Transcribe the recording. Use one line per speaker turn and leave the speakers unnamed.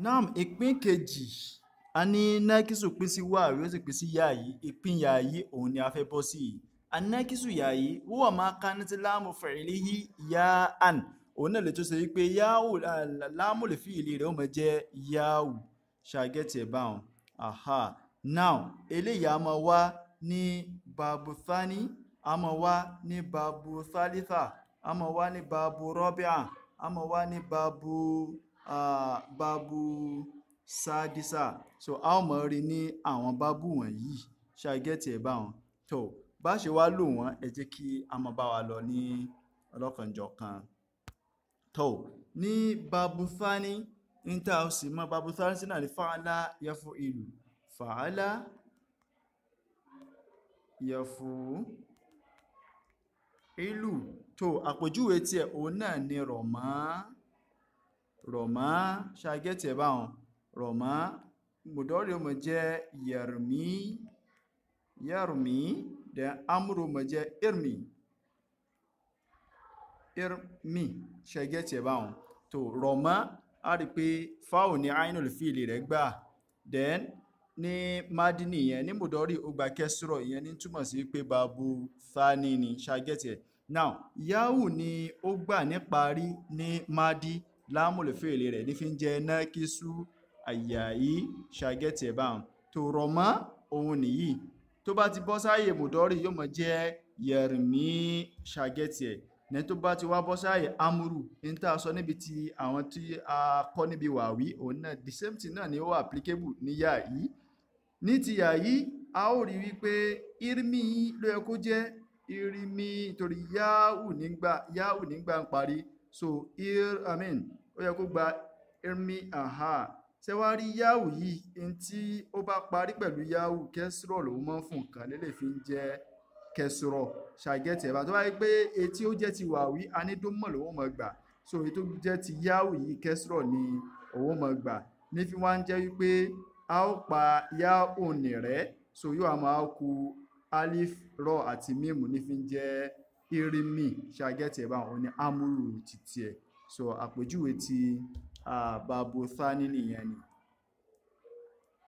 Nam ìpín kejì a ní nákísù pín sí wàrí ó sì pín sí yàyí ìpín yàyí òun ni a fẹ́ bọ́ sí yìí anákísù yàyí wúwà máa ká ní ti láàmù fẹ̀rẹ̀lẹ́ yí yá àn òun náà lè tó ṣe wípé yáwù láàmù lè fi ìlè rẹ̀ ó máa jẹ́ yáwù ṣàgẹ́tì ẹ̀ báwọn aha now eléyìí a máa wá ní babu thani a máa wá ní babu thalitha a máa wá ní babu rọ́bíà a máa wá ní babu. Babu sadisa so a ó mọ̀ rí ní àwọn bábú wọ̀nyí ṣàgẹ́tì ẹ̀ bá wọn tó bá ṣe wá lò wọ́n ẹ jẹ́ kí a máa bá wa lọ ní ọlọ́kanjọ̀kan tó ní babu fani ní tá a sì mọ bábú fání sínú àlè fàálà yẹfu ìlú fàálà yẹfu ìlú tó àpèjúwe tiẹ̀ òun náà ni rọ̀ rọ̀mọ́ ṣàgẹ́tì ẹ̀ báwọn Roma, mùdọ́rì ọmọ jẹ́ yẹ̀rùmí yẹ̀rùmí dẹ̀ amúrò ọmọ jẹ́ irmi irmi ṣàgẹ́tì ẹ̀ báwọn tó rọ̀mọ́ a rí pé fáwọn ní ainul fíìlì rẹ̀ gbà then ní madini yẹn ní mùdọ́rì ọgbà kẹsùrọ̀ ìyẹn ní túmọ̀ sí pé babu thani ni ṣàgẹ́tì ẹ̀ now yahoo ni ó gbà níparí ní madi láàmúlò fèèlè rẹ̀ ní fi ń jẹ́ nákísú àyàyí ṣàgẹ́tì ẹ̀bá tó rọ̀ mọ́ òun nìyí tó bá ti bọ́ sáàyè mùdọ́rì yóò mọ̀ jẹ́ yẹ̀rìmí ṣàgẹ́tì ẹ̀ ní tó bá ti wá bọ́ sáàyè amúrù ní tá a sọ níbi ti àwọn tí a kọ́ níbi wàwí òun náà the same thing náà ni ó applicable ní yà yìí ní ti yà yìí a ó rí wípé irmi ló yẹ kó jẹ́ irmi torí yáhù nígbà yáhù nígbà ń parí so ir, I mean, yẹ kó gba irmi aha ṣé wàá rí yahoo yìí ẹni tí ó bá parí pẹ̀lú yahoo kẹsìrọ̀ lòun máa ń fún nǹkan lélẹ̀ fi ń jẹ́ kẹsìrọ̀ ṣàgẹ́tì ẹ̀bà tó bá yẹ pé etí ó jẹ́ ti wàwí anídómọ̀ lòun máa gbà so èyí tó jẹ́ ti yahoo yìí kẹsìrọ̀ ni òun máa gbà ní fi wá ń jẹ́ wípé a ó pa yahoo nì rẹ́ so yóò a máa ku alif rọ àti mímu ní fi ń jẹ́ irimi ṣàgẹ́tì ẹ̀bà òun ni amúrù títí ẹ̀ so àpèjúwe ti uh, ah, babu thani nìyẹn ni